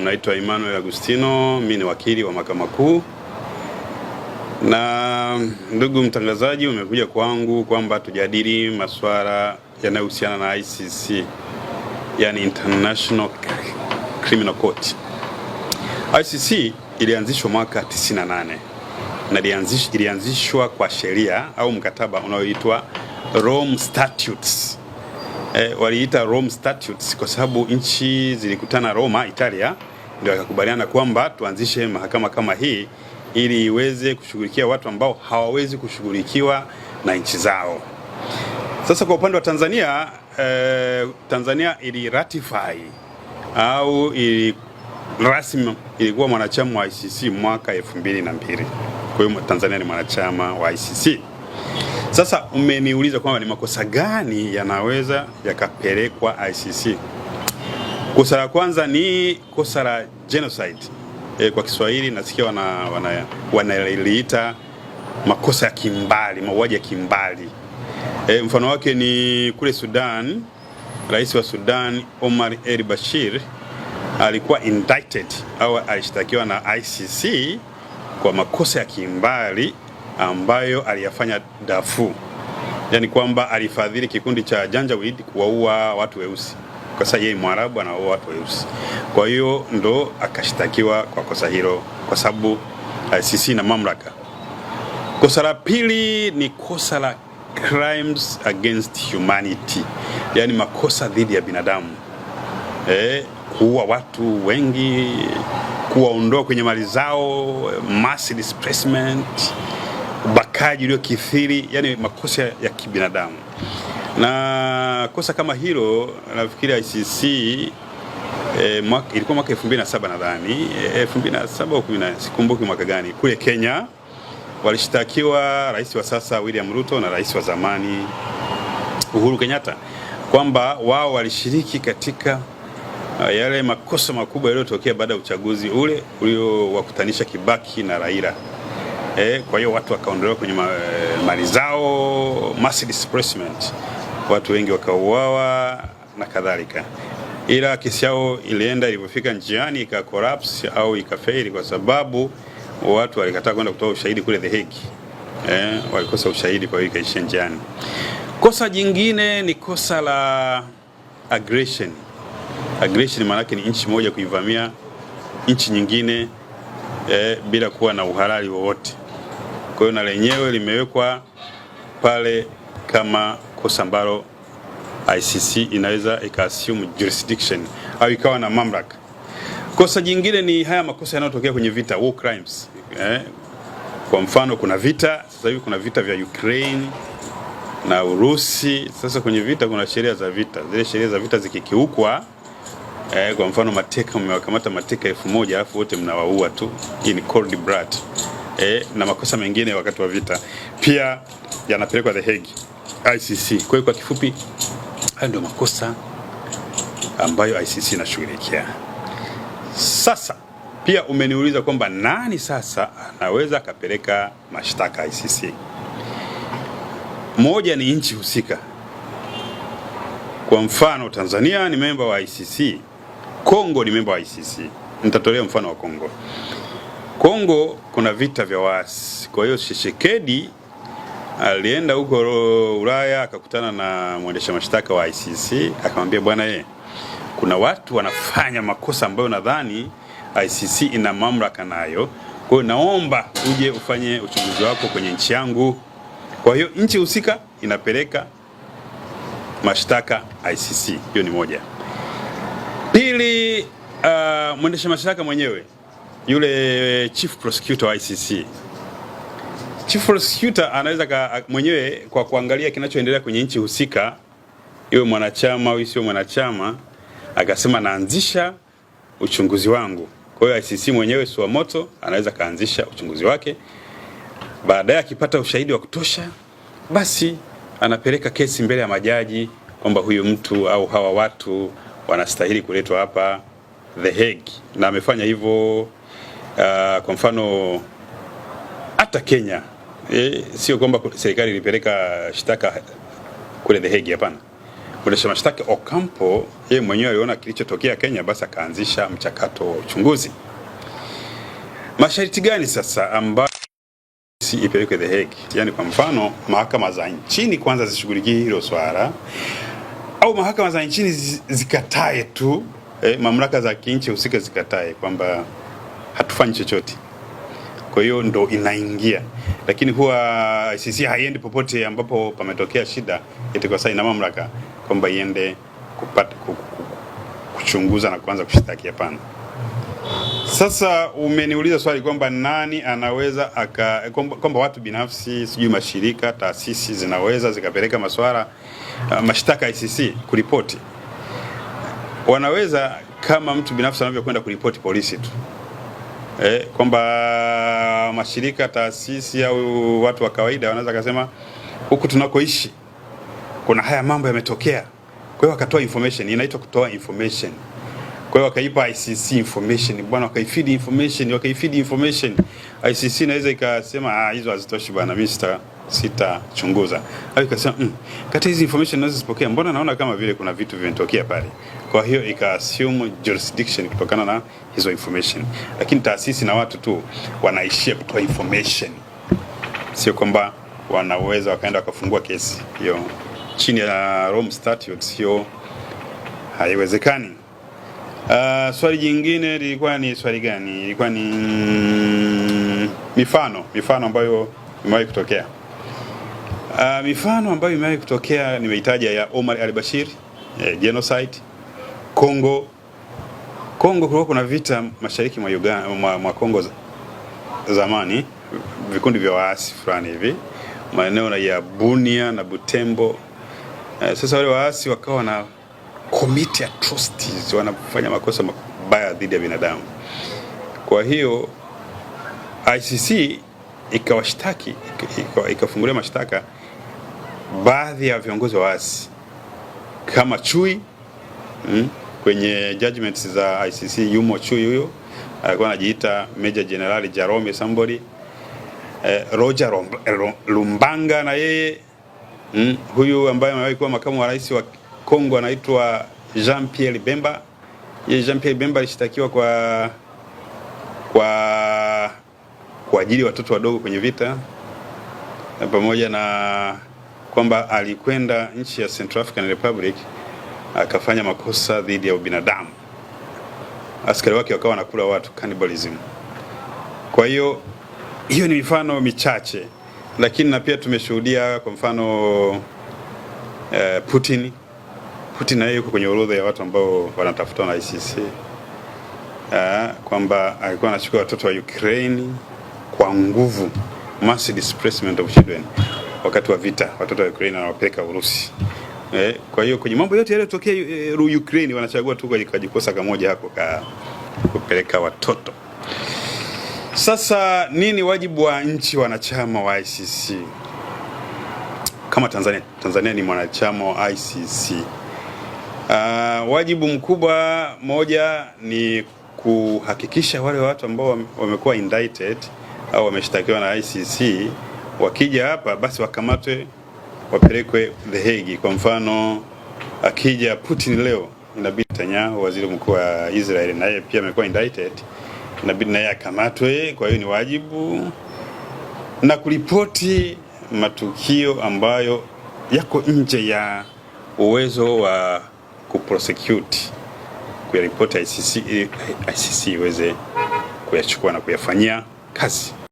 Naitwa Emmanuel Agustino, mimi ni wakili wa Mahakama Kuu. Na ndugu mtangazaji, umekuja kwangu kwamba tujadili masuala yanayohusiana na ICC, yani International Criminal Court. ICC ilianzishwa mwaka 98 na ilianzishwa kwa sheria au mkataba unaoitwa Rome Statutes e, waliita Rome Statutes kwa sababu nchi zilikutana Roma, Italia, ndio wakakubaliana kwamba tuanzishe mahakama kama hii ili iweze kushughulikia watu ambao hawawezi kushughulikiwa na nchi zao. Sasa kwa upande wa Tanzania eh, Tanzania ili ratify au ili rasmi ilikuwa mwanachama wa ICC mwaka 2002. Kwa hiyo Tanzania ni mwanachama wa ICC. Sasa umeniuliza kwamba ni makosa gani yanaweza yakapelekwa ICC. Kosa la kwanza ni kosa la genocide e, kwa Kiswahili nasikia wanaliita wana, wana makosa ya kimbali, mauaji ya kimbali e, mfano wake ni kule Sudan. Rais wa Sudan Omar El Bashir alikuwa indicted au alishtakiwa na ICC kwa makosa ya kimbali ambayo aliyafanya Dafu, yani kwamba alifadhili kikundi cha Janjaweed kuwaua watu weusi kwa sababu yeye Mwarabu anaua watu weusi. Kwa hiyo ndo akashtakiwa kwa kosa hilo, kwa sababu ICC eh, na mamlaka. Kosa la pili ni kosa la crimes against humanity, yani makosa dhidi ya binadamu eh, kuua watu wengi, kuwaondoa kwenye mali zao, mass displacement ubakaji uliokithiri, yani makosa ya kibinadamu. Na kosa kama hilo nafikiri ICC e, eh, mwaka, ilikuwa mwaka 2007 nadhani 2007 eh, au 2014 sikumbuki mwaka gani, kule Kenya walishtakiwa rais wa sasa William Ruto na rais wa zamani Uhuru Kenyatta kwamba wao walishiriki katika eh, yale makosa makubwa yaliyotokea baada ya uchaguzi ule uliowakutanisha Kibaki na Raila eh, kwa hiyo watu wakaondolewa kwenye ma, eh, mali zao, mass displacement, watu wengi wakauawa na kadhalika, ila kesi yao ilienda, ilipofika njiani ika collapse au ikafeli kwa sababu watu walikataa kwenda kutoa ushahidi kule The Hague eh, walikosa ushahidi, kwa hiyo ikaishia njiani. Kosa jingine ni kosa la aggression. Aggression maana yake ni nchi moja kuivamia nchi nyingine eh, bila kuwa na uhalali wowote. Kwa hiyo na lenyewe limewekwa pale kama kosa ambalo ICC inaweza ikaassume jurisdiction au ikawa na mamlaka. Kosa jingine ni haya makosa yanayotokea kwenye vita, war crimes eh. Kwa mfano kuna vita sasa hivi, kuna vita vya Ukraine na Urusi. Sasa kwenye vita kuna sheria za vita, zile sheria za vita zikikiukwa eh, kwa mfano mateka, mmewakamata mateka elfu moja alafu wote mnawaua tu ni cold blood eh, na makosa mengine wakati wa vita pia yanapelekwa The Hague ICC. Kwa hiyo kwa kifupi, hayo ndio makosa ambayo ICC inashughulikia. Sasa pia umeniuliza kwamba nani sasa anaweza akapeleka mashtaka ICC. Moja ni nchi husika, kwa mfano Tanzania ni memba wa ICC, Kongo ni memba wa ICC. Nitatolea mfano wa Kongo. Kongo kuna vita vya waasi. Kwa hiyo Tshisekedi alienda huko Ulaya akakutana na mwendesha mashtaka wa ICC akamwambia, bwana ye, eh, kuna watu wanafanya makosa ambayo nadhani ICC ina mamlaka nayo, kwa hiyo naomba uje ufanye uchunguzi wako kwenye nchi yangu. Kwa hiyo nchi husika inapeleka mashtaka ICC. Hiyo ni moja. Pili, uh, mwendesha mashtaka mwenyewe yule chief prosecutor wa ICC. Chief prosecutor anaweza ka, mwenyewe kwa kuangalia kinachoendelea kwenye nchi husika, iwe mwanachama au isiwe mwanachama, akasema naanzisha uchunguzi wangu. Kwa hiyo ICC mwenyewe moto anaweza kaanzisha uchunguzi wake, baadaye akipata ushahidi wa kutosha, basi anapeleka kesi mbele ya majaji kwamba huyu mtu au hawa watu wanastahili kuletwa hapa The Hague, na amefanya hivyo Uh, kwa mfano hata Kenya e, sio kwamba serikali ilipeleka shtaka kule The Hague, hapana. Mwendesha mashtaka Ocampo yeye mwenyewe aliona kilichotokea Kenya, basi akaanzisha mchakato wa uchunguzi. Masharti gani sasa ambayo si ipelekwe The Hague? Yani kwa mfano mahakama za nchini kwanza zishughulikie hilo swala, au mahakama za nchini zikatae tu eh, mamlaka za kinchi husika zikatae kwamba hatufanyi chochote. Kwa hiyo ndo inaingia, lakini huwa ICC haiendi popote ambapo pametokea shida eti kwa saina mamlaka kwamba iende kupata kuchunguza na kuanza kushitaki. Hapana. Sasa umeniuliza swali kwamba nani anaweza aka kwamba watu binafsi, sijui mashirika, taasisi zinaweza zikapeleka maswala uh, mashtaka ICC kuripoti. Wanaweza kama mtu binafsi anavyokwenda kuripoti polisi tu eh, kwamba mashirika, taasisi au watu wa kawaida wanaweza kusema huku tunakoishi kuna haya mambo yametokea, kwa hiyo wakatoa information, inaitwa kutoa information. Kwa hiyo wakaipa ICC information bwana, wakaifeed information, wakaifeed information. ICC inaweza ikasema ah, hizo hazitoshi bwana, mister sitachunguza. Au ikasema mm, kati hizi information nazozipokea, mbona naona kama vile kuna vitu vimetokea pale. Kwa hiyo ika assume jurisdiction kutokana na hizo information, lakini taasisi na watu tu wanaishia kutoa information, sio kwamba wanaweza wakaenda wakafungua kesi hiyo chini ya Rome Statute, sio, haiwezekani. Uh, swali jingine lilikuwa ni swali gani? Ilikuwa ni mifano mifano ambayo imewahi kutokea. Uh, mifano ambayo imewahi kutokea nimeitaja ya Omar al-Bashir eh, genocide Kongo. Kongo kulikuwa kuna vita mashariki mwa Uganda, mwa, mwa Kongo zamani, vikundi vya waasi fulani hivi maeneo ya Bunia na Butembo. Eh, sasa wale waasi wakawa na committee ya trustees wanafanya makosa mabaya dhidi ya binadamu. Kwa hiyo ICC ikawashtaki ikafungulia mashtaka baadhi ya viongozi wa waasi kama Chui mm, kwenye judgments za ICC yumo Chui huyo, alikuwa anajiita Major General Jerome somebody eh, Roger Lumbanga na yeye mm, huyu ambaye amewahi kuwa makamu wa rais wa Kongo anaitwa Jean Pierre Bemba. Yeye Jean Pierre Bemba alishtakiwa kwa kwa kuajiri watoto wadogo kwenye vita, na pamoja na kwamba alikwenda nchi ya Central African Republic akafanya makosa dhidi ya ubinadamu, askari wake wakawa wanakula watu, cannibalism. Kwa hiyo hiyo ni mifano michache, lakini na pia tumeshuhudia kwa mfano eh, Putin Putin naye yuko kwenye orodha ya watu ambao wanatafutwa na ICC, ah, kwamba alikuwa anachukua watoto wa Ukraine kwa nguvu mass displacement of children wakati wa vita, watoto wa Ukraine wanawapeleka Urusi. Eh, kwa hiyo kwenye mambo yote yaliyotokea eh, Ukraine wanachagua tu kajikosa kamoja hapo ka kupeleka watoto. Sasa nini wajibu wa nchi wanachama wa ICC? Kama Tanzania, Tanzania ni mwanachama wa ICC. Uh, ah, wajibu mkubwa moja ni kuhakikisha wale watu ambao wamekuwa indicted au wameshtakiwa na ICC wakija hapa basi wakamatwe wapelekwe The Hague. Kwa mfano akija Putin leo, inabidi Netanyahu, waziri mkuu wa Israeli, naye pia amekuwa indicted, inabidi naye akamatwe. Kwa hiyo ni wajibu na kuripoti matukio ambayo yako nje ya uwezo wa kuprosecute kuyaripoti ICC, ICC iweze kuyachukua na kuyafanyia kazi.